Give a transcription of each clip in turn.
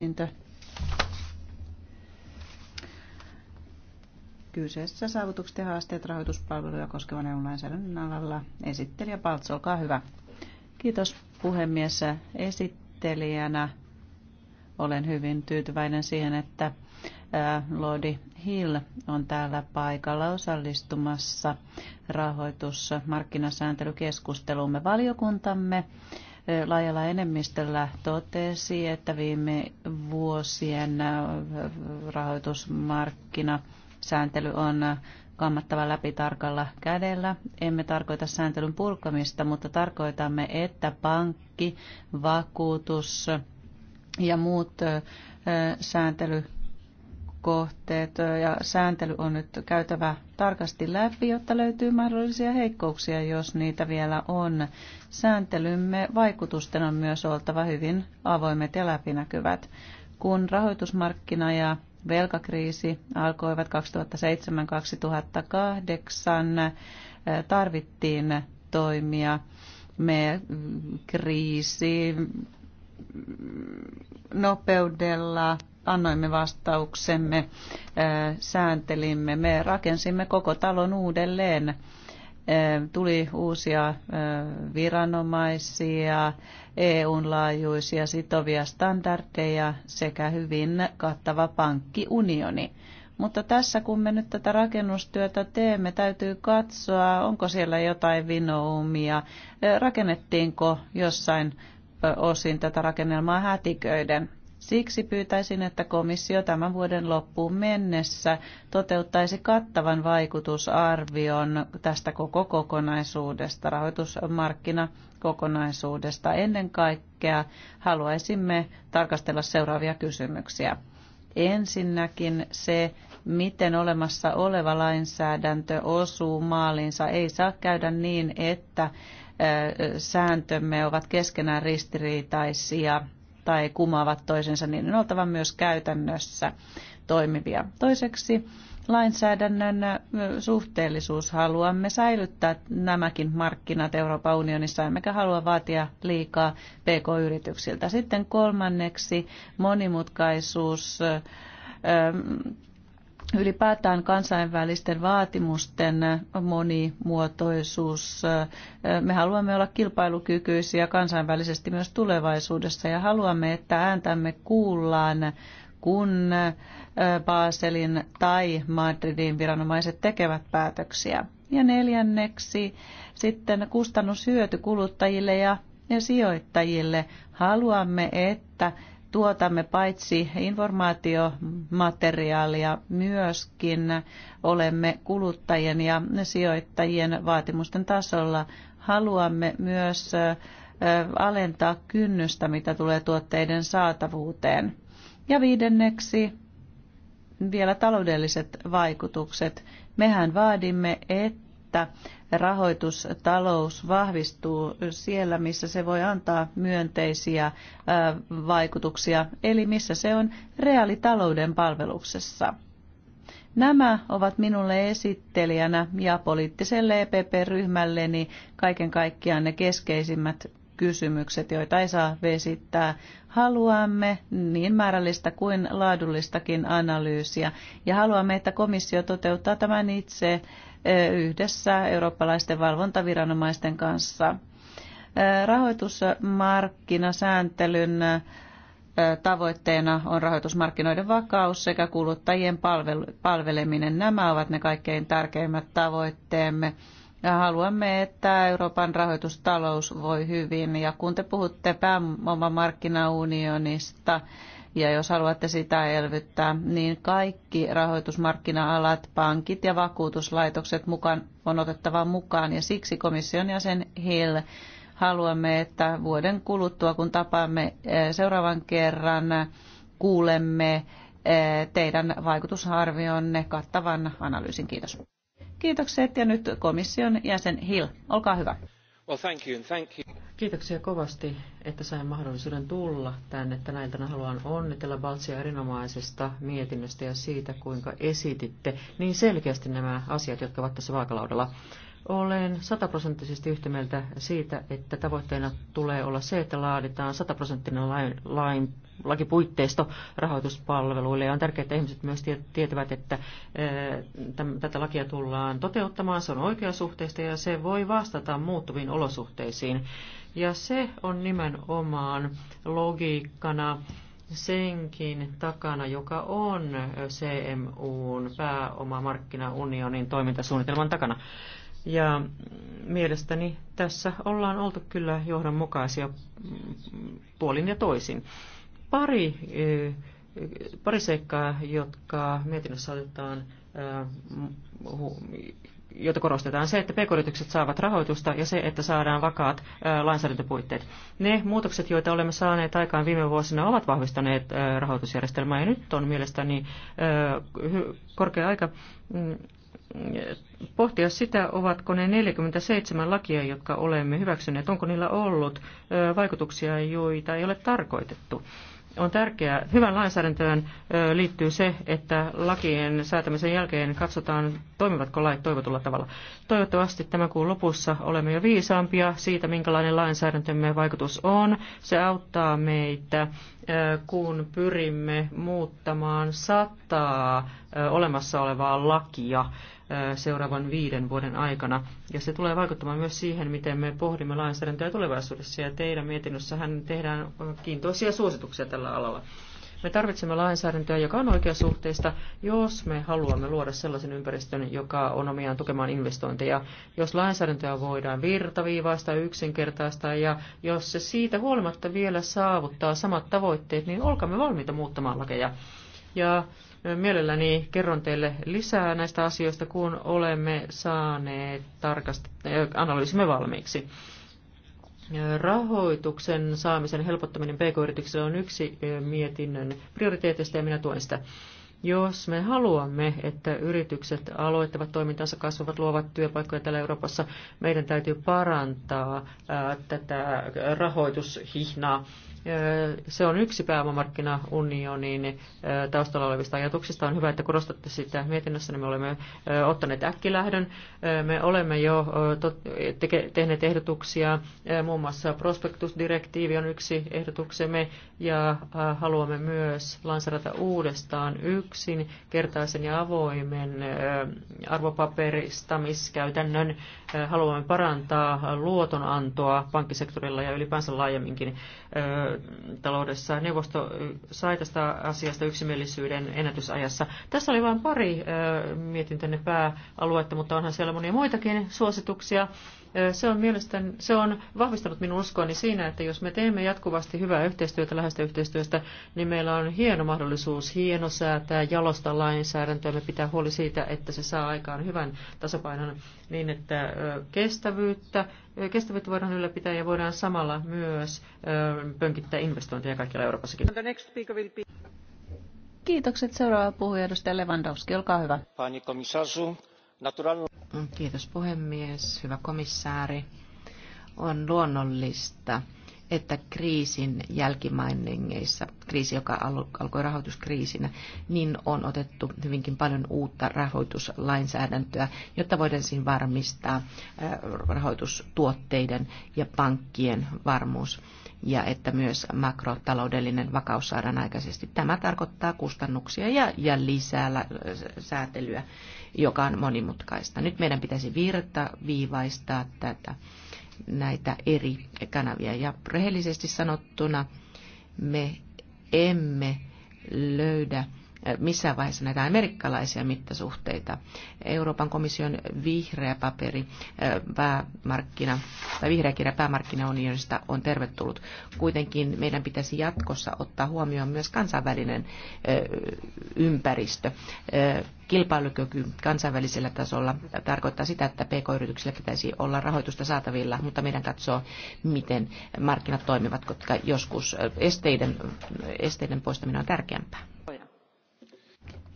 mietintö. Kyseessä saavutukset ja haasteet rahoituspalveluja koskevan EU-lainsäädännön alalla. Esittelijä Paltz, olkaa hyvä. Kiitos puhemies esittelijänä. Olen hyvin tyytyväinen siihen, että Lodi Hill on täällä paikalla osallistumassa rahoitusmarkkinasääntelykeskusteluumme valiokuntamme laajalla enemmistöllä totesi, että viime vuosien rahoitusmarkkina sääntely on kammattava läpi tarkalla kädellä. Emme tarkoita sääntelyn purkamista, mutta tarkoitamme, että pankki, vakuutus ja muut sääntely kohteet ja sääntely on nyt käytävä tarkasti läpi, jotta löytyy mahdollisia heikkouksia, jos niitä vielä on. Sääntelymme vaikutusten on myös oltava hyvin avoimet ja läpinäkyvät. Kun rahoitusmarkkina ja velkakriisi alkoivat 2007-2008, tarvittiin toimia. Me mm, kriisi mm, nopeudella annoimme vastauksemme, äh, sääntelimme, me rakensimme koko talon uudelleen. Äh, tuli uusia äh, viranomaisia, eu laajuisia sitovia standardeja sekä hyvin kattava pankkiunioni. Mutta tässä kun me nyt tätä rakennustyötä teemme, täytyy katsoa, onko siellä jotain vinoumia, rakennettiinko jossain osin tätä rakennelmaa hätiköiden. Siksi pyytäisin, että komissio tämän vuoden loppuun mennessä toteuttaisi kattavan vaikutusarvion tästä koko kokonaisuudesta, rahoitusmarkkinakokonaisuudesta. Ennen kaikkea haluaisimme tarkastella seuraavia kysymyksiä. Ensinnäkin se, miten olemassa oleva lainsäädäntö osuu maaliinsa. Ei saa käydä niin, että sääntömme ovat keskenään ristiriitaisia tai kumoavat toisensa, niin on oltava myös käytännössä toimivia. Toiseksi lainsäädännön suhteellisuus. Haluamme säilyttää nämäkin markkinat Euroopan unionissa, emmekä halua vaatia liikaa PK-yrityksiltä. Sitten kolmanneksi monimutkaisuus ylipäätään kansainvälisten vaatimusten monimuotoisuus. Me haluamme olla kilpailukykyisiä kansainvälisesti myös tulevaisuudessa ja haluamme, että ääntämme kuullaan, kun Baselin tai Madridin viranomaiset tekevät päätöksiä. Ja neljänneksi sitten kustannushyöty kuluttajille ja sijoittajille. Haluamme, että tuotamme paitsi informaatiomateriaalia, myöskin olemme kuluttajien ja sijoittajien vaatimusten tasolla. Haluamme myös alentaa kynnystä, mitä tulee tuotteiden saatavuuteen. Ja viidenneksi vielä taloudelliset vaikutukset. Mehän vaadimme, että että rahoitustalous vahvistuu siellä, missä se voi antaa myönteisiä vaikutuksia, eli missä se on reaalitalouden palveluksessa. Nämä ovat minulle esittelijänä ja poliittiselle EPP-ryhmälleni niin kaiken kaikkiaan ne keskeisimmät kysymykset, joita ei saa vesittää. Haluamme niin määrällistä kuin laadullistakin analyysiä ja haluamme, että komissio toteuttaa tämän itse yhdessä eurooppalaisten valvontaviranomaisten kanssa. Rahoitusmarkkinasääntelyn tavoitteena on rahoitusmarkkinoiden vakaus sekä kuluttajien palveleminen. Nämä ovat ne kaikkein tärkeimmät tavoitteemme. Ja haluamme, että Euroopan rahoitustalous voi hyvin. Ja kun te puhutte pääomamarkkinaunionista, ja jos haluatte sitä elvyttää, niin kaikki rahoitusmarkkina-alat, pankit ja vakuutuslaitokset mukaan on otettava mukaan. Ja siksi komission jäsen Hill haluamme, että vuoden kuluttua, kun tapaamme eh, seuraavan kerran, kuulemme eh, teidän vaikutusarvionne kattavan analyysin. Kiitos. Kiitokset ja nyt komission jäsen Hill, olkaa hyvä. Well, thank you and thank you. Kiitoksia kovasti, että sain mahdollisuuden tulla tänne. Tänä iltana haluan onnitella Baltsia erinomaisesta mietinnöstä ja siitä, kuinka esititte niin selkeästi nämä asiat, jotka ovat tässä vaakalaudalla. Olen sataprosenttisesti yhtä mieltä siitä, että tavoitteena tulee olla se, että laaditaan sataprosenttinen lain, lain lakipuitteisto rahoituspalveluille. Ja on tärkeää, että ihmiset myös tietävät, että tätä lakia tullaan toteuttamaan. Se on oikeasuhteista ja se voi vastata muuttuviin olosuhteisiin. Ja se on nimenomaan logiikkana senkin takana, joka on CMUn pääomamarkkinaunionin toimintasuunnitelman takana. Ja mielestäni tässä ollaan oltu kyllä johdonmukaisia puolin ja toisin pari, pari seikkaa, jotka mietinnössä otetaan joita korostetaan se, että pk-yritykset saavat rahoitusta ja se, että saadaan vakaat lainsäädäntöpuitteet. Ne muutokset, joita olemme saaneet aikaan viime vuosina, ovat vahvistaneet rahoitusjärjestelmää ja nyt on mielestäni korkea aika mm, pohtia sitä, ovatko ne 47 lakia, jotka olemme hyväksyneet, onko niillä ollut vaikutuksia, joita ei ole tarkoitettu on tärkeää, hyvän lainsäädäntöön liittyy se, että lakien säätämisen jälkeen katsotaan, toimivatko lait toivotulla tavalla. Toivottavasti tämän kuun lopussa olemme jo viisaampia siitä, minkälainen lainsäädäntömme vaikutus on. Se auttaa meitä kun pyrimme muuttamaan sataa olemassa olevaa lakia seuraavan viiden vuoden aikana. Ja se tulee vaikuttamaan myös siihen, miten me pohdimme lainsäädäntöä tulevaisuudessa. Ja teidän mietinnössähän tehdään kiintoisia suosituksia tällä alalla. Me tarvitsemme lainsäädäntöä, joka on oikeasuhteista, jos me haluamme luoda sellaisen ympäristön, joka on omiaan tukemaan investointeja. Jos lainsäädäntöä voidaan virtaviivaista, yksinkertaista ja jos se siitä huolimatta vielä saavuttaa samat tavoitteet, niin olkaamme valmiita muuttamaan lakeja. Ja mielelläni kerron teille lisää näistä asioista, kun olemme saaneet tarkast- analyysimme valmiiksi. Rahoituksen saamisen helpottaminen pk-yrityksille on yksi eh, mietinnön prioriteeteista ja minä tuen sitä. Jos me haluamme, että yritykset aloittavat toimintansa, kasvavat, luovat työpaikkoja täällä Euroopassa, meidän täytyy parantaa ää, tätä rahoitushihnaa. Se on yksi pääomamarkkinaunionin taustalla olevista ajatuksista. On hyvä, että korostatte sitä mietinnössä. Me olemme ottaneet äkkilähdön. Me olemme jo tehneet ehdotuksia. Muun muassa prospektusdirektiivi on yksi ehdotuksemme ja haluamme myös lanserata uudestaan yksi yksinkertaisen ja avoimen arvopaperistamiskäytännön. Haluamme parantaa luotonantoa pankkisektorilla ja ylipäänsä laajemminkin taloudessa. Neuvosto sai tästä asiasta yksimielisyyden ennätysajassa. Tässä oli vain pari mietintönne pääaluetta, mutta onhan siellä monia muitakin suosituksia. Se on, mielestäni, se on vahvistanut minun uskoani siinä, että jos me teemme jatkuvasti hyvää yhteistyötä, läheistä yhteistyöstä, niin meillä on hieno mahdollisuus hieno säätää, jalosta lainsäädäntöä. Me pitää huoli siitä, että se saa aikaan hyvän tasapainon niin, että kestävyyttä, kestävyyttä voidaan ylläpitää ja voidaan samalla myös pönkittää investointeja kaikkialla Euroopassakin. Kiitokset. Seuraava puhuja edustaja Lewandowski, olkaa hyvä. komisarzu, Natural... Kiitos puhemies, hyvä komissaari. On luonnollista, että kriisin jälkimainingeissa, kriisi, joka alkoi rahoituskriisinä, niin on otettu hyvinkin paljon uutta rahoituslainsäädäntöä, jotta voidaan siinä varmistaa äh, rahoitustuotteiden ja pankkien varmuus ja että myös makrotaloudellinen vakaus saadaan aikaisesti. Tämä tarkoittaa kustannuksia ja, ja lisää säätelyä joka on monimutkaista. Nyt meidän pitäisi virta viivaistaa tätä, näitä eri kanavia. Ja rehellisesti sanottuna me emme löydä missä vaiheessa näitä amerikkalaisia mittasuhteita. Euroopan komission vihreä paperi päämarkkina, tai vihreä kirja päämarkkinaunionista on tervetullut. Kuitenkin meidän pitäisi jatkossa ottaa huomioon myös kansainvälinen ympäristö. Kilpailukyky kansainvälisellä tasolla tarkoittaa sitä, että pk-yrityksillä pitäisi olla rahoitusta saatavilla, mutta meidän katsoo, miten markkinat toimivat, koska joskus esteiden, esteiden poistaminen on tärkeämpää.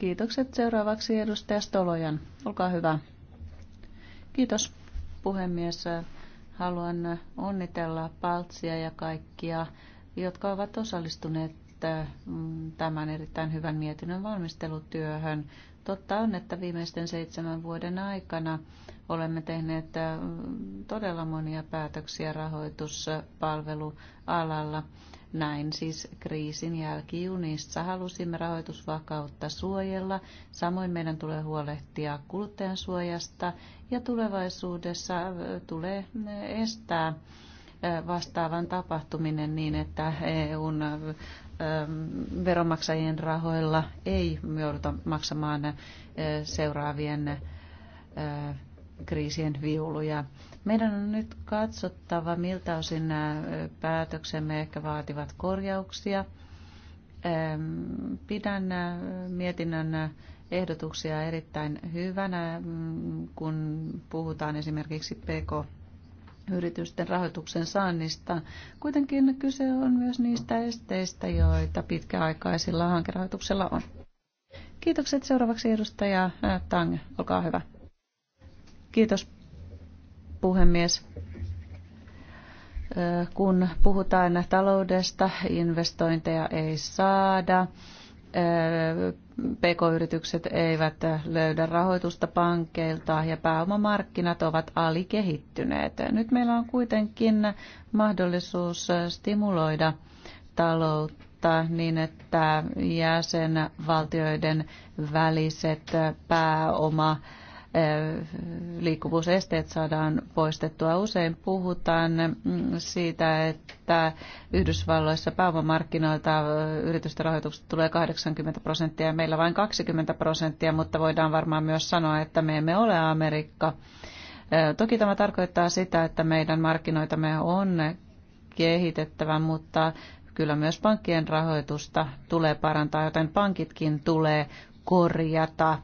Kiitokset. Seuraavaksi edustaja Stolojan. Olkaa hyvä. Kiitos puhemies. Haluan onnitella Paltsia ja kaikkia, jotka ovat osallistuneet mm, tämän erittäin hyvän mietinnön valmistelutyöhön. Totta on, että viimeisten seitsemän vuoden aikana olemme tehneet mm, todella monia päätöksiä rahoituspalvelualalla. Näin siis kriisin jälkijunissa halusimme rahoitusvakautta suojella, samoin meidän tulee huolehtia kuluttajan suojasta ja tulevaisuudessa äh, tulee äh, estää äh, vastaavan tapahtuminen niin, että EUn veronmaksajien rahoilla ei jouduta maksamaan seuraavien kriisien viuluja. Meidän on nyt katsottava, miltä osin nämä päätöksemme ehkä vaativat korjauksia. Pidän mietinnön ehdotuksia erittäin hyvänä, kun puhutaan esimerkiksi PK yritysten rahoituksen saannista. Kuitenkin kyse on myös niistä esteistä, joita pitkäaikaisilla hankerahoituksella on. Kiitokset seuraavaksi edustaja Tang, olkaa hyvä. Kiitos puhemies. Kun puhutaan taloudesta, investointeja ei saada, pk-yritykset eivät löydä rahoitusta pankeilta ja pääomamarkkinat ovat alikehittyneet. Nyt meillä on kuitenkin mahdollisuus stimuloida taloutta niin, että jäsenvaltioiden väliset pääoma liikkuvuusesteet saadaan poistettua. Usein puhutaan mm, siitä, että Yhdysvalloissa pääomamarkkinoilta yritysten rahoituksesta tulee 80 prosenttia ja meillä vain 20 prosenttia, mutta voidaan varmaan myös sanoa, että me emme ole Amerikka. Toki tämä tarkoittaa sitä, että meidän markkinoitamme on kehitettävä, mutta kyllä myös pankkien rahoitusta tulee parantaa, joten pankitkin tulee korjata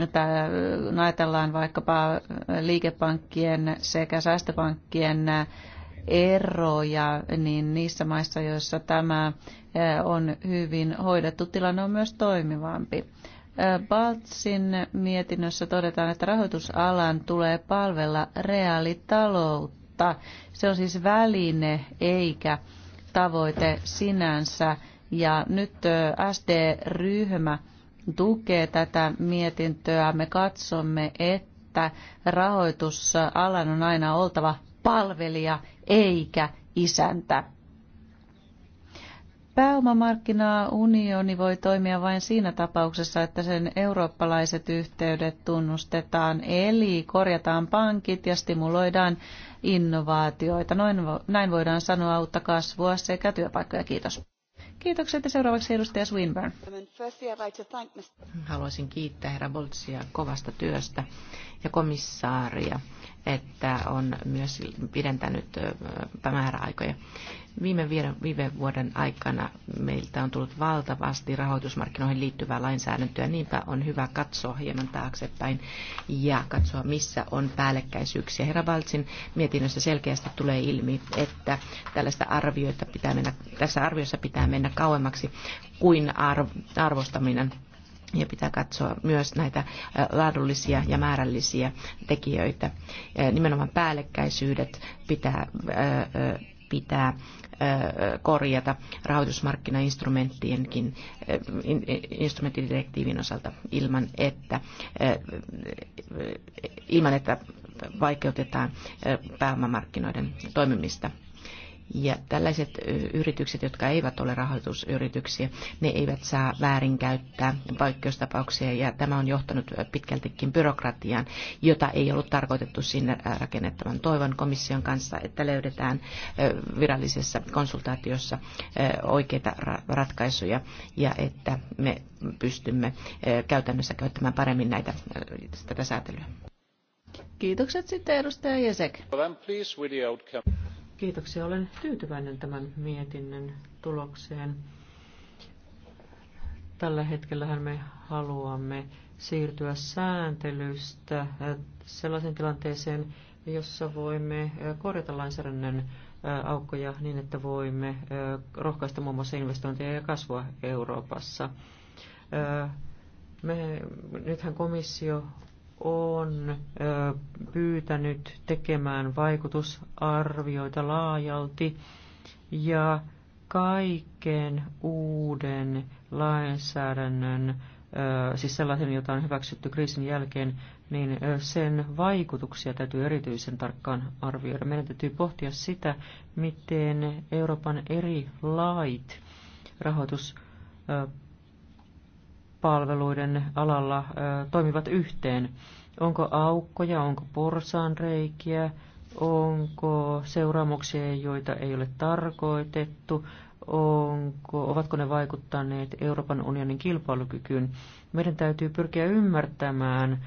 Äh, ajatellaan vaikkapa liikepankkien sekä säästöpankkien äh, eroja, niin niissä maissa, joissa tämä äh, on hyvin hoidettu, tilanne on myös toimivampi. Baltsin mietinnössä todetaan, että rahoitusalan tulee palvella reaalitaloutta. Se on siis väline eikä tavoite sinänsä. Ja nyt SD-ryhmä tukee tätä mietintöä. Me katsomme, että rahoitusalan on aina oltava palvelija eikä isäntä. Pääomamarkkinaunioni voi toimia vain siinä tapauksessa, että sen eurooppalaiset yhteydet tunnustetaan, eli korjataan pankit ja stimuloidaan innovaatioita. Noin, näin voidaan sanoa autta kasvua sekä työpaikkoja. Kiitos. Kiitokset ja seuraavaksi edustaja Swinburne. Haluaisin kiittää herra Boltsia kovasta työstä ja komissaaria että on myös pidentänyt määräaikoja. Viime, viime vuoden aikana meiltä on tullut valtavasti rahoitusmarkkinoihin liittyvää lainsäädäntöä, niinpä on hyvä katsoa hieman taaksepäin ja katsoa, missä on päällekkäisyyksiä. Herra Valtsin mietinnössä selkeästi tulee ilmi, että tällaista arvioita pitää mennä, tässä arviossa pitää mennä kauemmaksi kuin arvostaminen ja pitää katsoa myös näitä laadullisia ja määrällisiä tekijöitä. Nimenomaan päällekkäisyydet pitää, pitää korjata rahoitusmarkkinainstrumenttienkin instrumenttidirektiivin osalta ilman, että, ilman, että vaikeutetaan pääomamarkkinoiden toimimista. Ja tällaiset yritykset, jotka eivät ole rahoitusyrityksiä, ne eivät saa väärinkäyttää poikkeustapauksia ja tämä on johtanut pitkältikin byrokratiaan, jota ei ollut tarkoitettu sinne rakennettavan. Toivon komission kanssa, että löydetään virallisessa konsultaatiossa oikeita ratkaisuja ja että me pystymme käytännössä käyttämään paremmin näitä, tätä säätelyä. Kiitokset sitten edustaja Jesek. Kiitoksia. Olen tyytyväinen tämän mietinnön tulokseen. Tällä hetkellähän me haluamme siirtyä sääntelystä äh, sellaisen tilanteeseen, jossa voimme äh, korjata lainsäädännön äh, aukkoja niin, että voimme rohkaista muun muassa investointeja ja kasvua Euroopassa. Me, nythän komissio on pyytänyt tekemään vaikutusarvioita laajalti ja kaiken uuden lainsäädännön, siis sellaisen, jota on hyväksytty kriisin jälkeen, niin sen vaikutuksia täytyy erityisen tarkkaan arvioida. Meidän täytyy pohtia sitä, miten Euroopan eri lait rahoitus palveluiden alalla toimivat yhteen. Onko aukkoja, onko porsaanreikiä, onko seuraamuksia, joita ei ole tarkoitettu, onko, ovatko ne vaikuttaneet Euroopan unionin kilpailukykyyn. Meidän täytyy pyrkiä ymmärtämään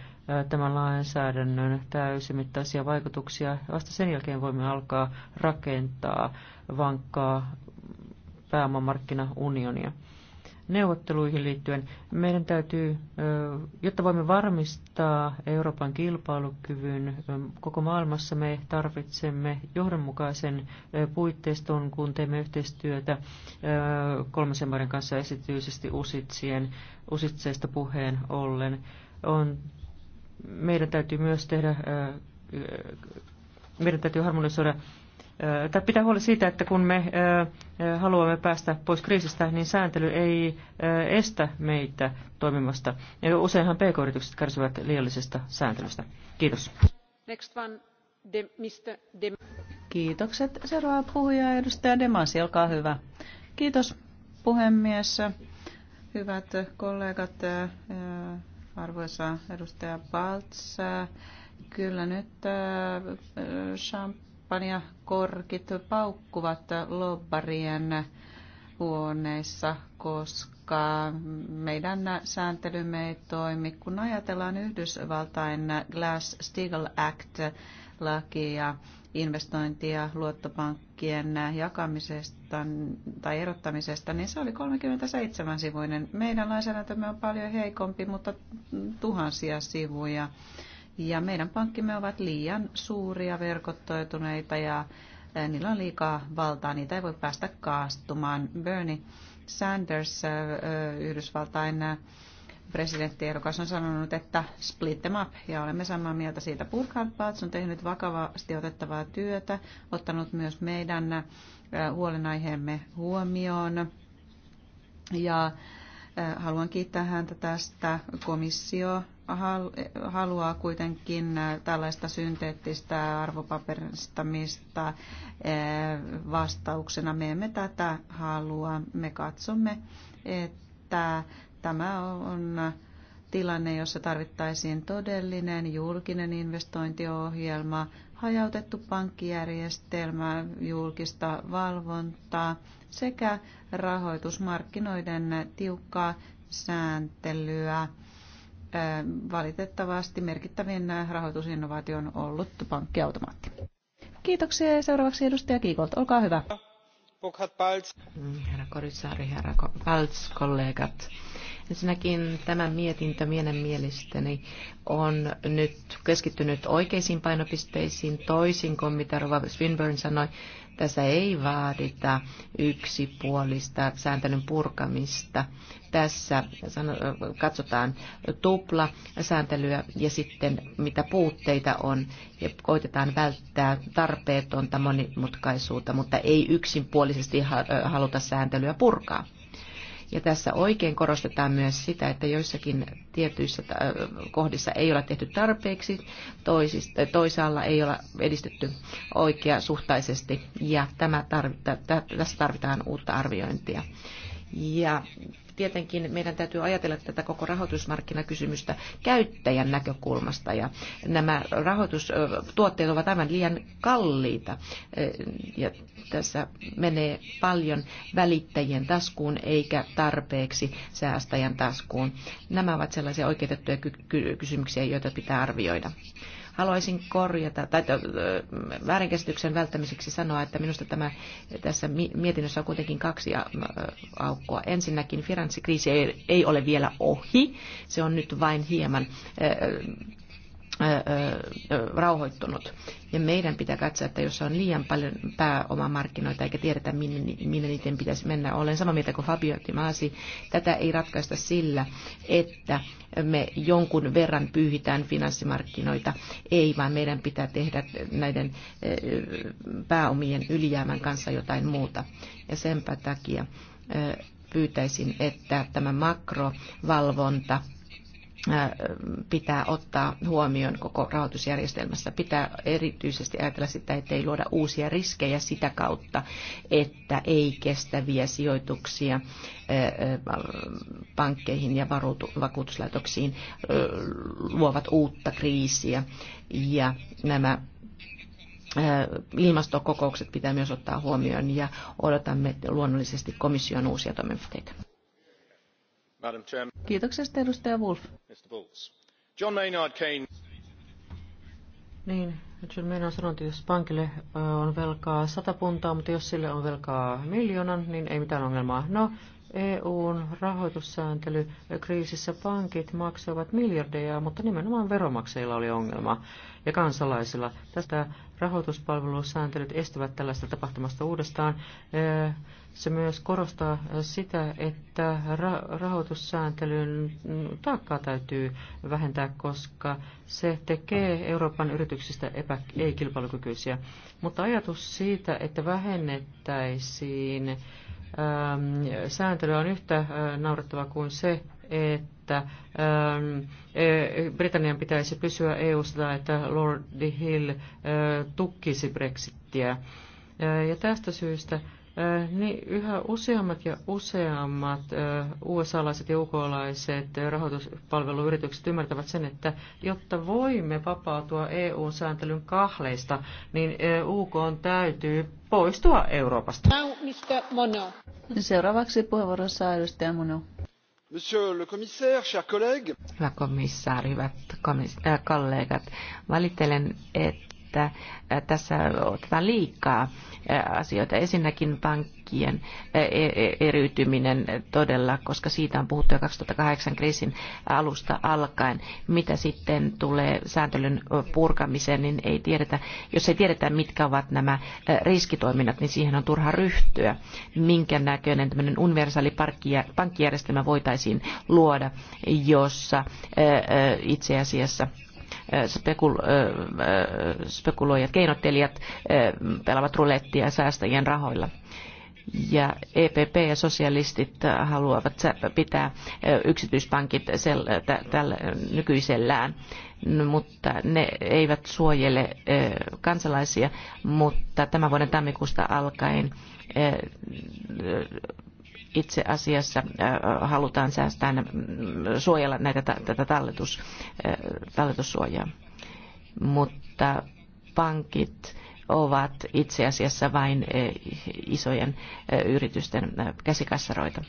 tämän lainsäädännön täysimittaisia vaikutuksia. Vasta sen jälkeen voimme alkaa rakentaa vankkaa pääomamarkkinaunionia neuvotteluihin liittyen. Meidän täytyy, jotta voimme varmistaa Euroopan kilpailukyvyn koko maailmassa, me tarvitsemme johdonmukaisen puitteiston, kun teemme yhteistyötä kolmasen maiden kanssa esityisesti usitsien, usitseista puheen ollen. On, meidän täytyy myös tehdä, meidän täytyy harmonisoida tai pitää huoli siitä, että kun me haluamme päästä pois kriisistä, niin sääntely ei estä meitä toimimasta. Useinhan pk-yritykset kärsivät liiallisesta sääntelystä. Kiitos. Next one, de, Mr. De... Kiitokset. Seuraava puhuja edustaja Demasi, olkaa hyvä. Kiitos puhemies. Hyvät kollegat, arvoisa edustaja Baltz. Kyllä nyt Champ korkit paukkuvat lobbarien huoneissa, koska meidän sääntelymme ei toimi. Kun ajatellaan Yhdysvaltain Glass-Steagall Act-lakia, investointia luottopankkien jakamisesta tai erottamisesta, niin se oli 37-sivuinen. Meidän lainsäädäntömme on paljon heikompi, mutta tuhansia sivuja. Ja meidän pankkimme ovat liian suuria, verkottoituneita ja eh, niillä on liikaa valtaa, niitä ei voi päästä kaastumaan. Bernie Sanders, eh, eh, Yhdysvaltain presidenttiehdokas, on sanonut, että split them up, ja olemme samaa mieltä siitä. Burkhard on tehnyt vakavasti otettavaa työtä, ottanut myös meidän huolenaiheemme huomioon. Ja haluan kiittää häntä tästä. Komissio haluaa kuitenkin äh, tällaista synteettistä arvopaperistamista äh, vastauksena. Me emme tätä halua. Me katsomme, että tämä on tilanne, jossa tarvittaisiin todellinen julkinen investointiohjelma, hajautettu pankkijärjestelmä, julkista valvontaa sekä rahoitusmarkkinoiden tiukkaa sääntelyä valitettavasti merkittävin rahoitusinnovaatio on ollut pankkiautomaatti. Kiitoksia seuraavaksi edustaja Kiikolt, olkaa hyvä. Herra Korissaari, herra Paltz, kollegat. Ensinnäkin tämä mietintö mielestäni on nyt keskittynyt oikeisiin painopisteisiin toisin kuin mitä Rova Swinburne sanoi. Tässä ei vaadita yksipuolista sääntelyn purkamista. Tässä katsotaan tupla sääntelyä ja sitten mitä puutteita on ja koitetaan välttää tarpeetonta monimutkaisuutta, mutta ei yksinpuolisesti haluta sääntelyä purkaa. Ja tässä oikein korostetaan myös sitä, että joissakin tietyissä äh, kohdissa ei ole tehty tarpeeksi, toisista, äh, toisaalla ei ole edistetty oikeasuhtaisesti ja tämä tarvita, tässä tarvitaan uutta arviointia. Ja tietenkin meidän täytyy ajatella tätä koko rahoitusmarkkinakysymystä käyttäjän näkökulmasta. Ja nämä rahoitustuotteet ovat aivan liian kalliita. Ja tässä menee paljon välittäjien taskuun eikä tarpeeksi säästäjän taskuun. Nämä ovat sellaisia oikeutettuja kysymyksiä, joita pitää arvioida. Haluaisin korjata, tai väärinkäsityksen välttämiseksi sanoa, että minusta tämä, tässä mietinnössä on kuitenkin kaksi aukkoa. Ensinnäkin finanssikriisi ei, ei ole vielä ohi, se on nyt vain hieman rauhoittunut. Ja meidän pitää katsoa, että jos on liian paljon pääomamarkkinoita eikä tiedetä, minne, minne niiden pitäisi mennä. Olen samaa mieltä kuin Fabio Timasi. Tätä ei ratkaista sillä, että me jonkun verran pyyhitään finanssimarkkinoita. Ei, vaan meidän pitää tehdä näiden pääomien ylijäämän kanssa jotain muuta. Ja senpä takia pyytäisin, että tämä makrovalvonta – pitää ottaa huomioon koko rahoitusjärjestelmässä. Pitää erityisesti ajatella sitä, että ei luoda uusia riskejä sitä kautta, että ei kestäviä sijoituksia pankkeihin ja vakuutuslaitoksiin luovat uutta kriisiä. Ja nämä ilmastokokoukset pitää myös ottaa huomioon ja odotamme luonnollisesti komission uusia toimenpiteitä. Kiitoksesta edustaja Wolf. John Maynard Keynes. Niin, John Maynard sanoi, että jos pankille on velkaa sata puntaa, mutta jos sille on velkaa miljoonan, niin ei mitään ongelmaa. No, EUn rahoitussääntely kriisissä pankit maksoivat miljardeja, mutta nimenomaan veromaksajilla oli ongelma ja kansalaisilla. Tästä rahoituspalvelusääntelyt estävät tällaista tapahtumasta uudestaan. Se myös korostaa sitä, että rahoitussääntelyn taakkaa täytyy vähentää, koska se tekee Euroopan yrityksistä epä- ei-kilpailukykyisiä. Mutta ajatus siitä, että vähennettäisiin ähm, sääntelyä on yhtä äh, naurettava kuin se, että ähm, e, Britannian pitäisi pysyä eu tai että Lordi Hill äh, tukkisi Brexittiä. Äh, ja tästä syystä niin yhä useammat ja useammat USA-laiset ja UK-laiset rahoituspalveluyritykset ymmärtävät sen, että jotta voimme vapautua EU-sääntelyn kahleista, niin UK on täytyy poistua Euroopasta. Seuraavaksi puheenvuoron saa edustaja Mono. Monsieur le commissaire, chers collègues. Hyvä komissaari, hyvät komis- äh, kollegat. Valittelen, että että äh, tässä otetaan liikaa äh, asioita. Ensinnäkin pankkien äh, e, e, eriytyminen todella, koska siitä on puhuttu jo 2008 kriisin alusta alkaen. Mitä sitten tulee sääntelyn purkamiseen, niin ei tiedetä, jos ei tiedetä, mitkä ovat nämä riskitoiminnat, niin siihen on turha ryhtyä. Minkä näköinen tämmöinen universaali pankkijärjestelmä voitaisiin luoda, jossa itse asiassa spekuloijat, keinottelijat pelaavat rulettia säästäjien rahoilla ja EPP ja sosialistit haluavat pitää yksityispankit tällä nykyisellään, mutta ne eivät suojele kansalaisia, mutta tämän vuoden tammikuusta alkaen itse asiassa äh, halutaan säästää, mm, suojella näitä, tätä talletus, äh, talletussuojaa. Mutta pankit ovat itse asiassa vain äh, isojen yritysten käsikassaroita.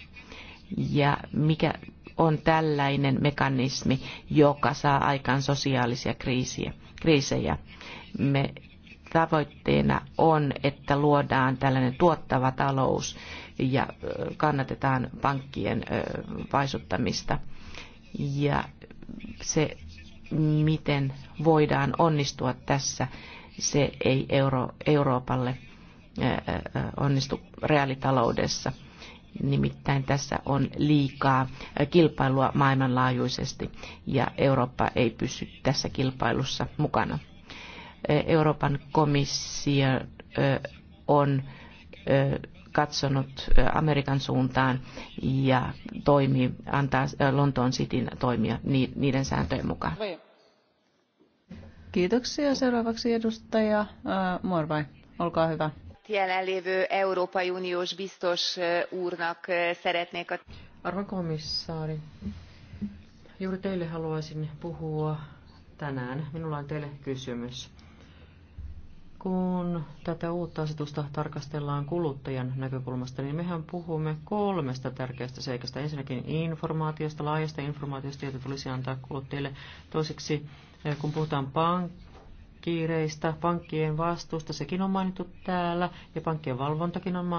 Ja mikä on tällainen mekanismi, joka saa aikaan sosiaalisia kriisiä, kriisejä. Me tavoitteena on, että luodaan tällainen tuottava talous, ja kannatetaan pankkien paisuttamista. Ja se, miten voidaan onnistua tässä, se ei Euro- Euroopalle onnistu reaalitaloudessa. Nimittäin tässä on liikaa kilpailua maailmanlaajuisesti ja Eurooppa ei pysy tässä kilpailussa mukana. Euroopan komissio on katsonut Amerikan suuntaan ja toimii, antaa Lontoon Cityn toimia niiden sääntöjen mukaan. Kiitoksia. Seuraavaksi edustaja Morvai. Olkaa hyvä. Jelenlévő Európai Uniós biztos úrnak szeretnék a... komissaari, juuri teille haluaisin puhua tänään. Minulla on teille kysymys. Kun tätä uutta asetusta tarkastellaan kuluttajan näkökulmasta, niin mehän puhumme kolmesta tärkeästä seikasta. Ensinnäkin informaatiosta, laajasta informaatiosta, jota tulisi antaa kuluttajille. Toiseksi, eh, kun puhutaan pankkiireistä, pankkien vastuusta, sekin on mainittu täällä, ja pankkien valvontakin on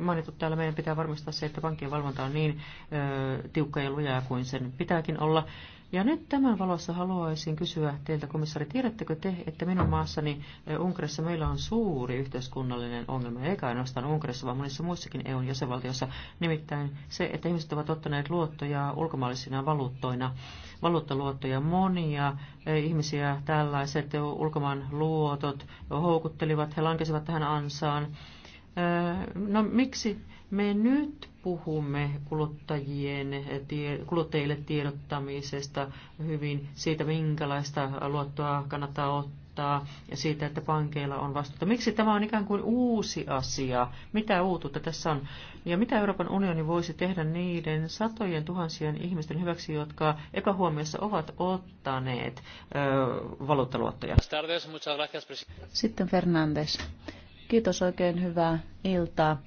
mainittu täällä. Meidän pitää varmistaa se, että pankkien valvonta on niin ö, eh, tiukka ja lujaa kuin sen pitääkin olla. Ja nyt tämän valossa haluaisin kysyä teiltä, komissari, tiedättekö te, että minun maassani eh, Unkarissa meillä on suuri yhteiskunnallinen ongelma, eikä ainoastaan Unkarissa, vaan monissa muissakin EUn jäsenvaltioissa, nimittäin se, että ihmiset ovat ottaneet luottoja ulkomaalaisina valuuttoina, valuuttaluottoja monia eh, ihmisiä, tällaiset ulkomaan luotot houkuttelivat, he lankesivat tähän ansaan. Eh, no miksi me nyt puhumme kuluttajien, kuluttajille tiedottamisesta hyvin siitä, minkälaista luottoa kannattaa ottaa ja siitä, että pankeilla on vastuuta. Miksi tämä on ikään kuin uusi asia? Mitä uutuutta tässä on? Ja mitä Euroopan unioni voisi tehdä niiden satojen tuhansien ihmisten hyväksi, jotka epähuomiossa ovat ottaneet ö, valuuttaluottoja? Sitten Fernandes. Kiitos oikein hyvää iltaa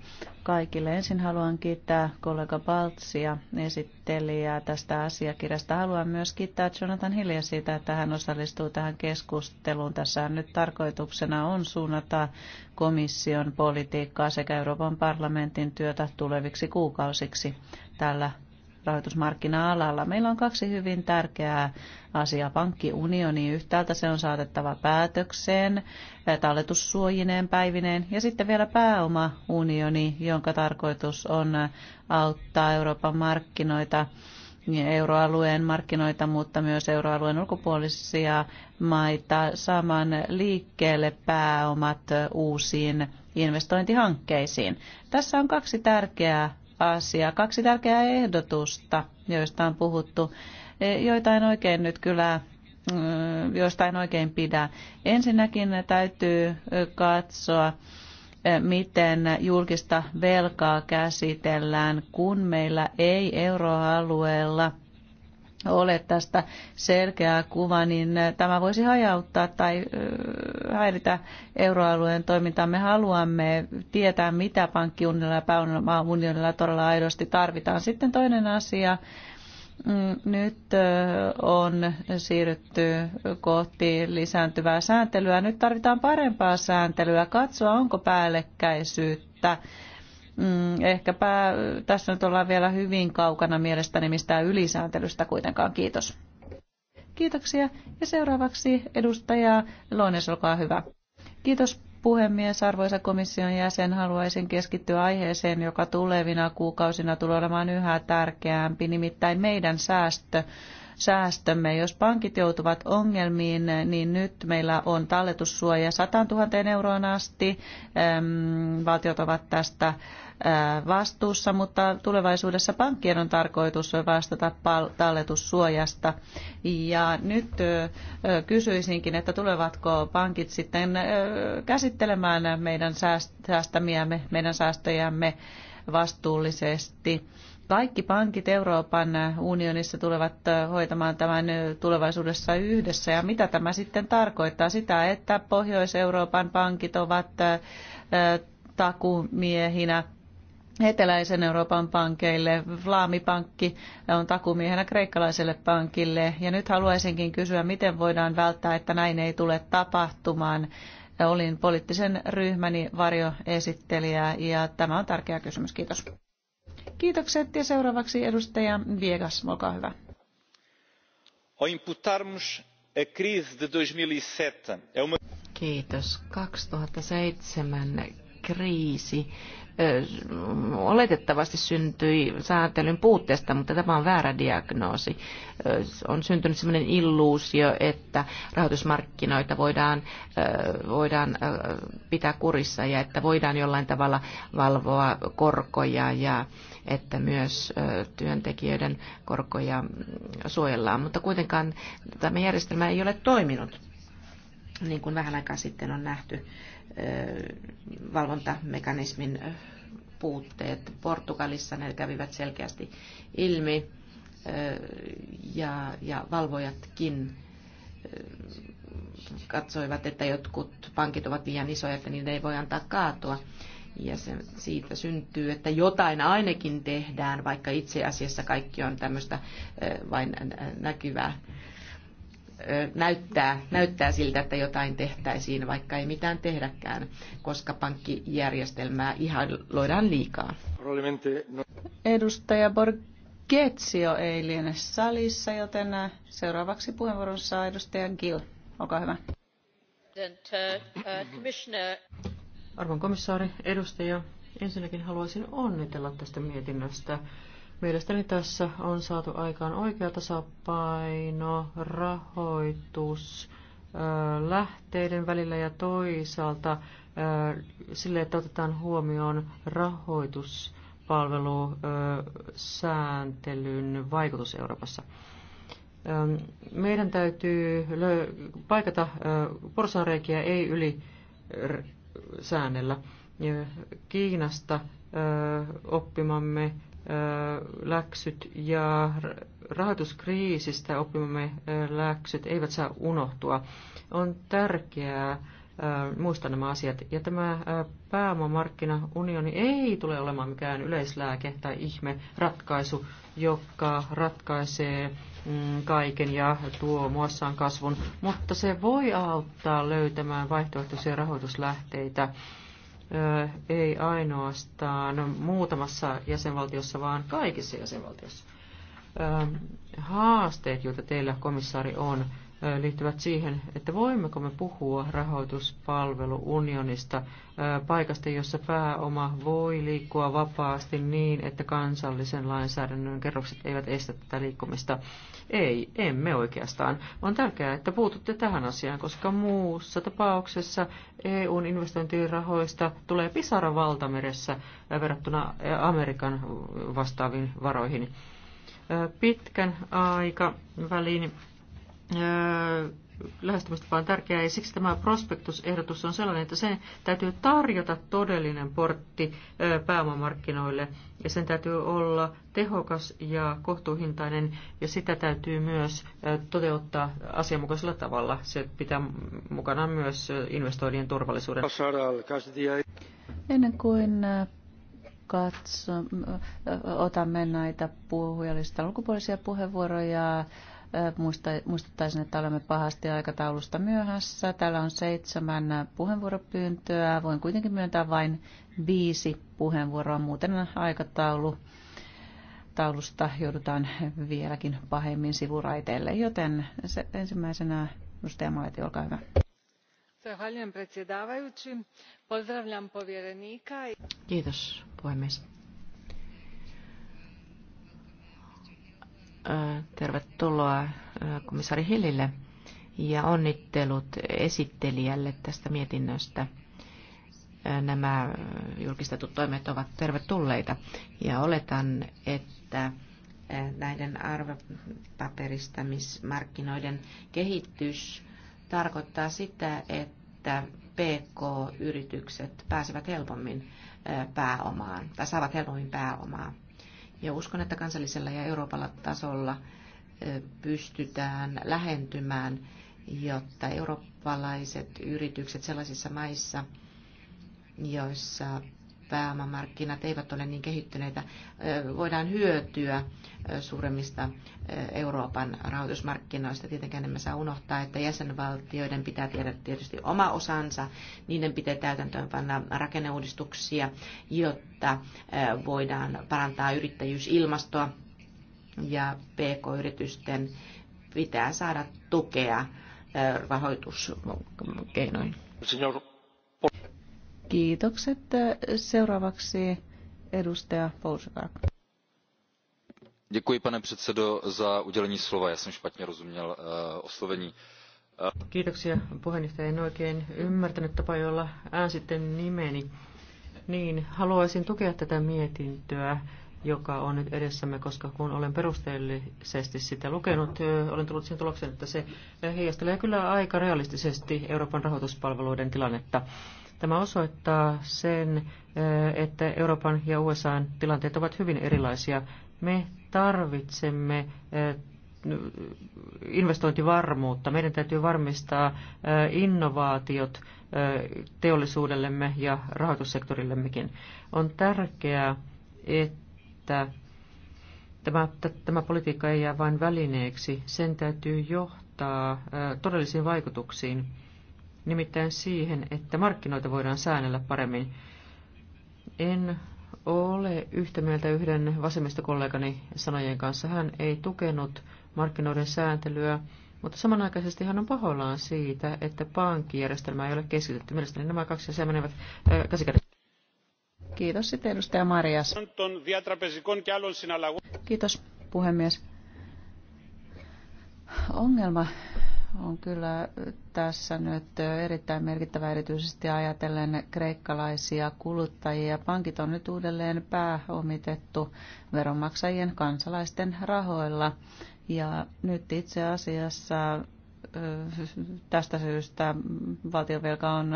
kaikille. Ensin haluan kiittää kollega Baltsia esittelijää tästä asiakirjasta. Haluan myös kiittää Jonathan Hillia siitä, että hän osallistuu tähän keskusteluun. Tässä nyt tarkoituksena on suunnata komission politiikkaa sekä Euroopan parlamentin työtä tuleviksi kuukausiksi tällä rahoitusmarkkina-alalla. Meillä on kaksi hyvin tärkeää asiaa. Pankkiunioni yhtäältä se on saatettava päätökseen, talletussuojineen päivineen ja sitten vielä pääomaunioni, jonka tarkoitus on auttaa Euroopan markkinoita euroalueen markkinoita, mutta myös euroalueen ulkopuolisia maita saamaan liikkeelle pääomat uusiin investointihankkeisiin. Tässä on kaksi tärkeää asia. Kaksi tärkeää ehdotusta, joista on puhuttu, e, joita en oikein nyt kyllä mm, joista en oikein pidä. Ensinnäkin täytyy e, katsoa, e, miten julkista velkaa käsitellään, kun meillä ei euroalueella ole tästä selkeää kuvaa, niin tämä voisi hajauttaa tai häiritä euroalueen toimintaa. Me haluamme tietää, mitä pankkiunionilla ja pääomaunionilla todella aidosti tarvitaan. Sitten toinen asia. Mm, nyt on siirrytty kohti lisääntyvää sääntelyä. Nyt tarvitaan parempaa sääntelyä, katsoa onko päällekkäisyyttä. Mm, ehkäpä tässä nyt ollaan vielä hyvin kaukana mielestäni mistään ylisääntelystä kuitenkaan. Kiitos. Kiitoksia. Ja seuraavaksi edustaja Loones, olkaa hyvä. Kiitos puhemies, arvoisa komission jäsen, haluaisin keskittyä aiheeseen, joka tulevina kuukausina tulee olemaan yhä tärkeämpi, nimittäin meidän säästö säästömme. Jos pankit joutuvat ongelmiin, niin nyt meillä on talletussuoja 100 000 euroon asti. Valtiot ovat tästä vastuussa, mutta tulevaisuudessa pankkien on tarkoitus vastata talletussuojasta. Ja nyt kysyisinkin, että tulevatko pankit sitten käsittelemään meidän säästämiämme, meidän säästöjämme vastuullisesti kaikki pankit Euroopan unionissa tulevat hoitamaan tämän tulevaisuudessa yhdessä. Ja mitä tämä sitten tarkoittaa? Sitä, että Pohjois-Euroopan pankit ovat takumiehinä eteläisen Euroopan pankeille. Vlaamipankki on takumiehenä kreikkalaiselle pankille. Ja nyt haluaisinkin kysyä, miten voidaan välttää, että näin ei tule tapahtumaan. Olin poliittisen ryhmäni varjoesittelijä ja tämä on tärkeä kysymys. Kiitos. Kiitokset ja seuraavaksi edustaja Viegas, olkaa hyvä. O a crise de 2007. E Kiitos. 2007 kriisi oletettavasti syntyi säätelyn puutteesta, mutta tämä on väärä diagnoosi. On syntynyt sellainen illuusio, että rahoitusmarkkinoita voidaan, voidaan pitää kurissa ja että voidaan jollain tavalla valvoa korkoja ja että myös työntekijöiden korkoja suojellaan. Mutta kuitenkaan tämä järjestelmä ei ole toiminut, niin kuin vähän aikaa sitten on nähty Äh, valvontamekanismin äh, puutteet. Portugalissa ne kävivät selkeästi ilmi äh, ja, ja valvojatkin katsoivat, että jotkut pankit ovat liian isoja, että niitä ei voi antaa kaatua. Ja se, siitä syntyy, että jotain ainakin tehdään, vaikka itse asiassa kaikki on tämmöistä vain näkyvää näyttää, näyttää siltä, että jotain tehtäisiin, vaikka ei mitään tehdäkään, koska pankkijärjestelmää ihan loidaan liikaa. No- edustaja Borgetsio ei liene salissa, joten seuraavaksi puheenvuoron saa edustaja Gil. Olkaa hyvä. Arvon komissaari, edustaja, ensinnäkin haluaisin onnitella tästä mietinnöstä. Mielestäni tässä on saatu aikaan oikea tasapaino, rahoitus lähteiden välillä ja toisaalta sille, että otetaan huomioon rahoituspalvelusääntelyn vaikutus Euroopassa. Meidän täytyy paikata porsanreikiä ei yli säännellä. Kiinasta oppimamme läksyt ja rahoituskriisistä oppimamme läksyt eivät saa unohtua. On tärkeää muistaa nämä asiat. Ja tämä pääomamarkkinaunioni ei tule olemaan mikään yleislääke tai ihme ratkaisu, joka ratkaisee mm, kaiken ja tuo muassaan kasvun, mutta se voi auttaa löytämään vaihtoehtoisia rahoituslähteitä ei ainoastaan muutamassa jäsenvaltiossa, vaan kaikissa jäsenvaltiossa. Haasteet, joita teillä komissaari on, liittyvät siihen, että voimmeko me puhua rahoituspalveluunionista paikasta, jossa pääoma voi liikkua vapaasti niin, että kansallisen lainsäädännön kerrokset eivät estä tätä liikkumista. Ei, emme oikeastaan. On tärkeää, että puututte tähän asiaan, koska muussa tapauksessa EUn investointirahoista tulee pisara valtameressä verrattuna Amerikan vastaaviin varoihin. Pitkän aika välin lähestymistä vaan tärkeää, ja siksi tämä prospektusehdotus on sellainen, että sen täytyy tarjota todellinen portti pääomamarkkinoille ja sen täytyy olla tehokas ja kohtuuhintainen ja sitä täytyy myös toteuttaa asianmukaisella tavalla. Se pitää mukana myös investoinnin turvallisuuden. Ennen kuin katso, otamme näitä puhujalista ulkopuolisia puheenvuoroja, Muistuttaisin, että olemme pahasti aikataulusta myöhässä. Täällä on seitsemän puheenvuoropyyntöä. Voin kuitenkin myöntää vain viisi puheenvuoroa. Muuten aikataulu taulusta joudutaan vieläkin pahemmin sivuraiteille. Joten se, ensimmäisenä edustaja Maleti, olkaa hyvä. Kiitos puhemies. tervetuloa komissaari Hillille ja onnittelut esittelijälle tästä mietinnöstä. Nämä julkistetut toimet ovat tervetulleita ja oletan, että näiden arvopaperistamismarkkinoiden kehitys tarkoittaa sitä, että PK-yritykset pääsevät helpommin pääomaan tai saavat helpommin pääomaa ja uskon, että kansallisella ja Euroopalla tasolla pystytään lähentymään, jotta eurooppalaiset yritykset sellaisissa maissa, joissa pääomamarkkinat eivät ole niin kehittyneitä, voidaan hyötyä suuremmista Euroopan rahoitusmarkkinoista. Tietenkään emme saa unohtaa, että jäsenvaltioiden pitää tehdä tietysti oma osansa, niiden pitää täytäntöön panna rakenneuudistuksia, jotta voidaan parantaa yrittäjyysilmastoa ja pk-yritysten pitää saada tukea rahoituskeinoin. Signor Kiitokset. Seuraavaksi edustaja Pousekark. Děkuji, pane předsedo, za udělení slova. Já jsem špatně rozuměl uh, oslovení. Uh. Kiitoksia, puheenjohtaja. En oikein ymmärtänyt tapa, jolla äänsitte nimeni. Niin, haluaisin tukea tätä mietintöä, joka on nyt edessämme, koska kun olen perusteellisesti sitä lukenut, eh, olen tullut siihen tulokseen, että se heijastelee kyllä aika realistisesti Euroopan rahoituspalveluiden tilannetta. Tämä osoittaa sen, eh, että Euroopan ja USAn tilanteet ovat hyvin erilaisia. Me tarvitsemme eh, investointivarmuutta. Meidän täytyy varmistaa eh, innovaatiot teollisuudellemme ja rahoitussektorillemmekin. On tärkeää, että tämä, tämä politiikka ei jää vain välineeksi. Sen täytyy johtaa todellisiin vaikutuksiin nimittäin siihen, että markkinoita voidaan säännellä paremmin. En ole yhtä mieltä yhden vasemmistokollegani sanojen kanssa. Hän ei tukenut markkinoiden sääntelyä, mutta samanaikaisesti hän on pahoillaan siitä, että pankkijärjestelmä ei ole keskitytty. Mielestäni nämä kaksi asiaa menevät äh, käsikädessä. Kiitos sitten edustaja Marias. Kiitos puhemies. Ongelma on kyllä tässä nyt erittäin merkittävä erityisesti ajatellen kreikkalaisia kuluttajia. Pankit on nyt uudelleen pääomitettu veronmaksajien kansalaisten rahoilla. Ja nyt itse asiassa tästä syystä valtionvelka on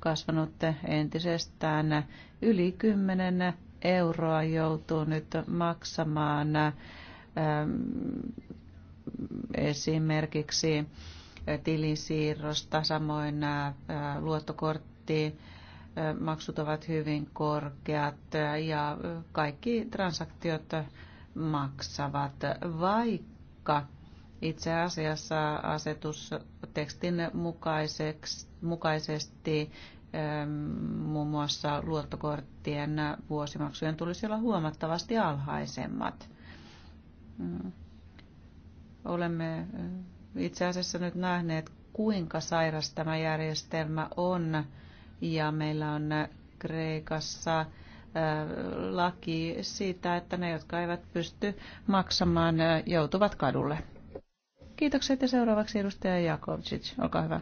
kasvanut entisestään. Yli 10 euroa joutuu nyt maksamaan esimerkiksi tilisiirrosta, samoin nämä luottokortti maksut ovat hyvin korkeat ja kaikki transaktiot maksavat, vaikka itse asiassa asetustekstin mukaisesti muun muassa luottokorttien vuosimaksujen tulisi olla huomattavasti alhaisemmat. Mm. Olemme itse asiassa nyt nähneet, kuinka sairas tämä järjestelmä on. Ja meillä on Kreikassa äh, laki siitä, että ne, jotka eivät pysty maksamaan, äh, joutuvat kadulle. Kiitokset ja seuraavaksi edustaja Jakovcic. Olkaa hyvä.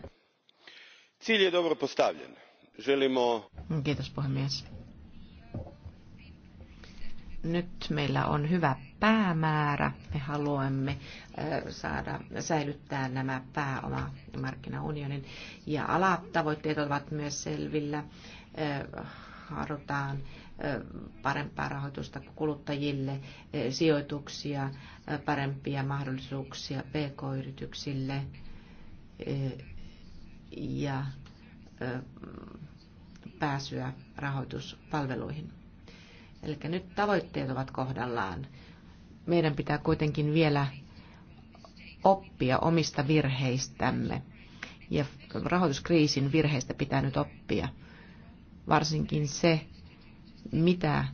Cilj je dobro postavljen. Želimo... Kiitos puhemies nyt meillä on hyvä päämäärä. Me haluamme saada säilyttää nämä pääoma markkinaunionin ja alatavoitteet ovat myös selvillä. Harutaan parempaa rahoitusta kuluttajille, sijoituksia, parempia mahdollisuuksia pk-yrityksille ja pääsyä rahoituspalveluihin. Eli nyt tavoitteet ovat kohdallaan. Meidän pitää kuitenkin vielä oppia omista virheistämme. Ja rahoituskriisin virheistä pitää nyt oppia. Varsinkin se, mitä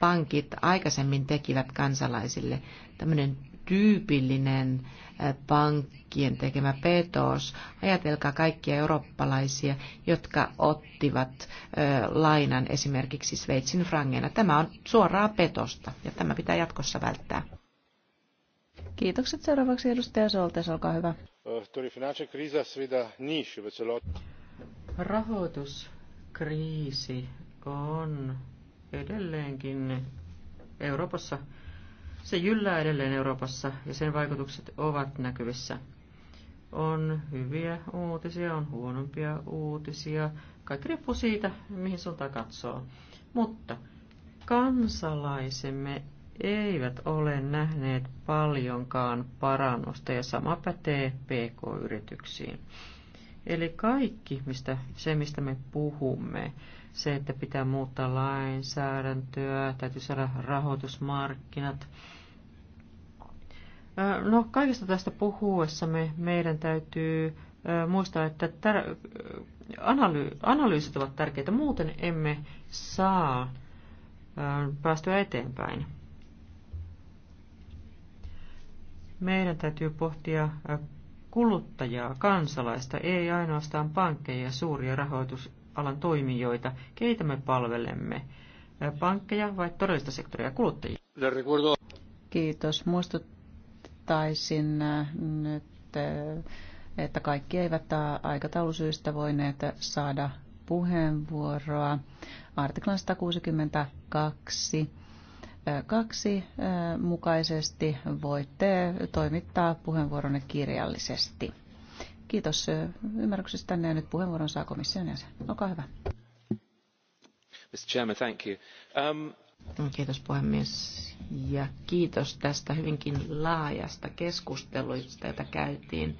pankit aikaisemmin tekivät kansalaisille. Tämmöinen tyypillinen pankkien tekemä petos. Ajatelkaa kaikkia eurooppalaisia, jotka ottivat lainan esimerkiksi Sveitsin frangeina. Tämä on suoraa petosta ja tämä pitää jatkossa välttää. Kiitokset seuraavaksi edustaja Soltes, olkaa hyvä. Rahoituskriisi on edelleenkin Euroopassa se jyllää edelleen Euroopassa ja sen vaikutukset ovat näkyvissä. On hyviä uutisia, on huonompia uutisia. Kaikki riippuu siitä, mihin suuntaan katsoo. Mutta kansalaisemme eivät ole nähneet paljonkaan parannusta ja sama pätee pk-yrityksiin. Eli kaikki, mistä, se mistä me puhumme, se, että pitää muuttaa lainsäädäntöä, täytyy saada rahoitusmarkkinat, No, kaikesta tästä me meidän täytyy muistaa, että tär- analy- analyysit ovat tärkeitä, muuten emme saa päästyä eteenpäin. Meidän täytyy pohtia kuluttajaa, kansalaista, ei ainoastaan pankkeja ja suuria rahoitusalan toimijoita. Keitä me palvelemme? Pankkeja vai todellista sektoria kuluttajia? Kiitos. Muistut Taisin äh, nyt, äh, että kaikki eivät äh, aikataulusyistä voineet saada puheenvuoroa. Artiklan 162 kaksi mukaisesti voitte toimittaa puheenvuoronne kirjallisesti. Kiitos ymmärryksestä ja nyt puheenvuoron saa komission jäsen. Olkaa hyvä. Mr. Chairman, thank you. Um... Kiitos puhemies ja kiitos tästä hyvinkin laajasta keskustelusta, jota käytiin.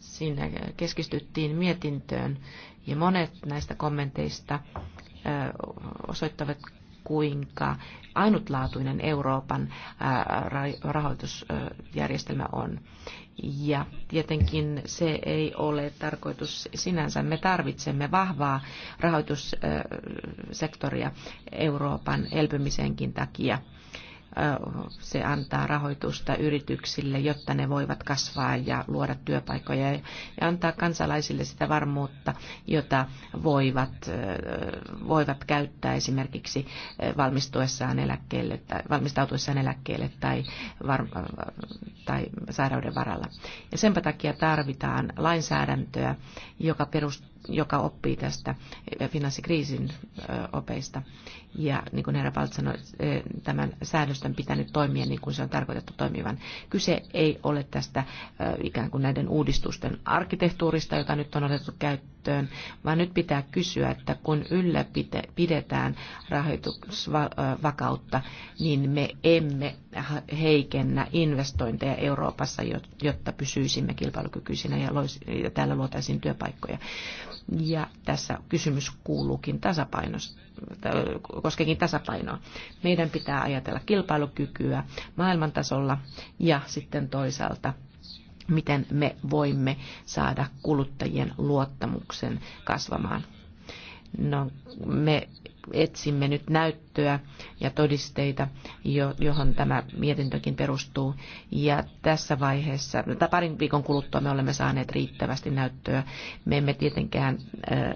Siinä keskistyttiin mietintöön ja monet näistä kommenteista osoittavat kuinka ainutlaatuinen Euroopan rahoitusjärjestelmä on. Ja tietenkin se ei ole tarkoitus sinänsä. Me tarvitsemme vahvaa rahoitussektoria Euroopan elpymisenkin takia se antaa rahoitusta yrityksille, jotta ne voivat kasvaa ja luoda työpaikkoja ja antaa kansalaisille sitä varmuutta, jota voivat, voivat käyttää esimerkiksi valmistuessaan eläkkeelle tai valmistautuessaan eläkkeelle tai, var, tai sairauden varalla. Ja senpä takia tarvitaan lainsäädäntöä, joka perustuu joka oppii tästä eh, finanssikriisin opeista. Ja niin kuin herra Palt sanoi, eh, tämän säädösten pitänyt toimia niin kuin se on tarkoitettu toimivan. Kyse ei ole tästä ikään kuin näiden uudistusten arkkitehtuurista, jota nyt on otettu käyttöön käyttöön, vaan nyt pitää kysyä, että kun ylläpidetään rahoitusvakautta, niin me emme heikennä investointeja Euroopassa, jotta pysyisimme kilpailukykyisinä ja, loisi, ja täällä luotaisiin työpaikkoja. Ja tässä kysymys kuuluukin tasapainosta koskekin tasapainoa. Meidän pitää ajatella kilpailukykyä maailmantasolla ja sitten toisaalta miten me voimme saada kuluttajien luottamuksen kasvamaan. No, me etsimme nyt näyttöä ja todisteita, johon tämä mietintökin perustuu. Ja tässä vaiheessa, parin viikon kuluttua me olemme saaneet riittävästi näyttöä. Me emme tietenkään äh,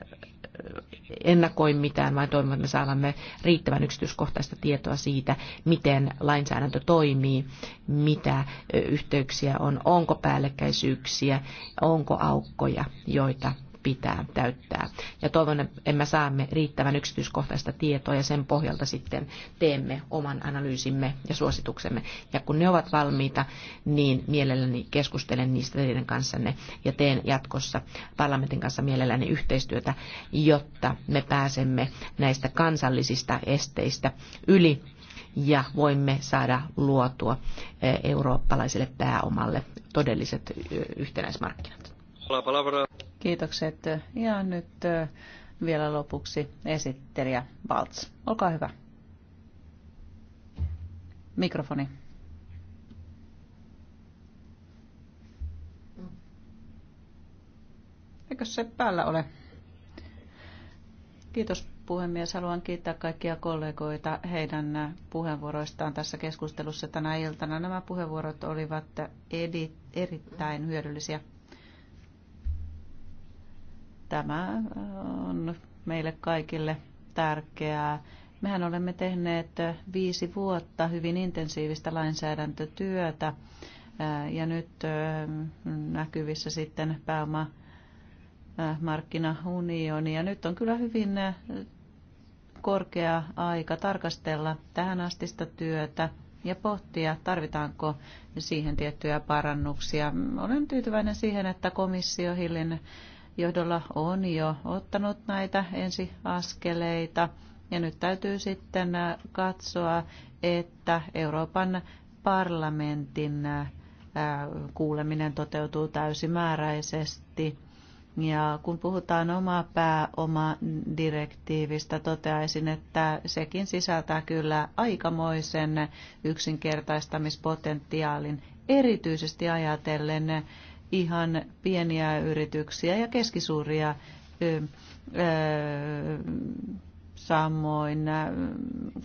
ennakoi mitään, vaan toivon, että me saamme riittävän yksityiskohtaista tietoa siitä, miten lainsäädäntö toimii, mitä yhteyksiä on, onko päällekkäisyyksiä, onko aukkoja, joita pitää täyttää. Ja toivon, että me saamme riittävän yksityiskohtaista tietoa ja sen pohjalta sitten teemme oman analyysimme ja suosituksemme. Ja kun ne ovat valmiita, niin mielelläni keskustelen niistä teidän kanssanne ja teen jatkossa parlamentin kanssa mielelläni yhteistyötä, jotta me pääsemme näistä kansallisista esteistä yli ja voimme saada luotua eh, eurooppalaiselle pääomalle todelliset eh, yhtenäismarkkinat. Kiitokset. Ja nyt vielä lopuksi esittelijä Valts. Olkaa hyvä. Mikrofoni. Eikö se päällä ole? Kiitos puhemies. Haluan kiittää kaikkia kollegoita heidän puheenvuoroistaan tässä keskustelussa tänä iltana. Nämä puheenvuorot olivat erittäin hyödyllisiä. Tämä äh, on meille kaikille tärkeää. Mehän olemme tehneet viisi vuotta hyvin intensiivistä lainsäädäntötyötä äh, ja nyt äh, näkyvissä sitten pääoma markkinaunioni. Ja nyt on kyllä hyvin korkea aika tarkastella tähän astista työtä ja pohtia, tarvitaanko siihen tiettyjä parannuksia. Olen tyytyväinen siihen, että komissio hillin johdolla on jo ottanut näitä ensiaskeleita. Ja nyt täytyy sitten katsoa, että Euroopan parlamentin kuuleminen toteutuu täysimääräisesti. Ja kun puhutaan omaa direktiivistä, toteaisin, että sekin sisältää kyllä aikamoisen yksinkertaistamispotentiaalin, erityisesti ajatellen ihan pieniä yrityksiä ja keskisuuria samoin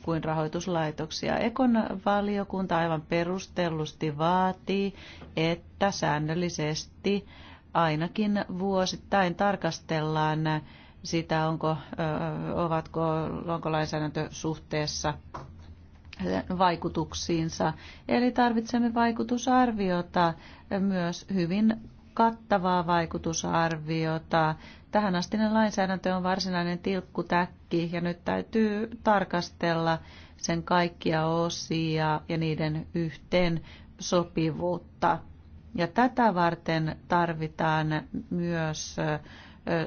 kuin rahoituslaitoksia. Ekon valiokunta aivan perustellusti vaatii, että säännöllisesti ainakin vuosittain tarkastellaan sitä, onko, ovatko, onko lainsäädäntö suhteessa vaikutuksiinsa. Eli tarvitsemme vaikutusarviota, myös hyvin kattavaa vaikutusarviota. Tähän astinen lainsäädäntö on varsinainen tilkkutäkki ja nyt täytyy tarkastella sen kaikkia osia ja niiden yhteen sopivuutta. Ja tätä varten tarvitaan myös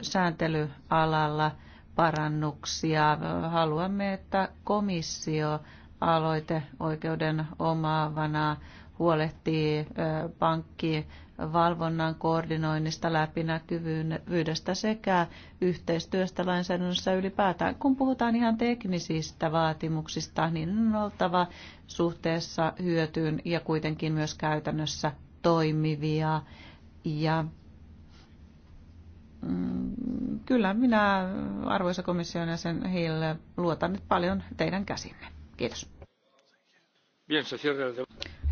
sääntelyalalla parannuksia. Haluamme, että komissio oikeuden omaavana huolehtii pankkivalvonnan koordinoinnista, läpinäkyvyydestä sekä yhteistyöstä lainsäädännössä ylipäätään. Kun puhutaan ihan teknisistä vaatimuksista, niin on oltava suhteessa hyötyyn ja kuitenkin myös käytännössä toimivia. Ja mm, Kyllä minä, arvoisa komission jäsen Hill, luotan nyt paljon teidän käsinne. Kiitos.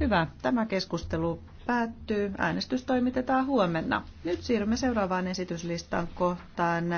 Hyvä. Tämä keskustelu päättyy. Äänestys toimitetaan huomenna. Nyt siirrymme seuraavaan esityslistan kohtaan.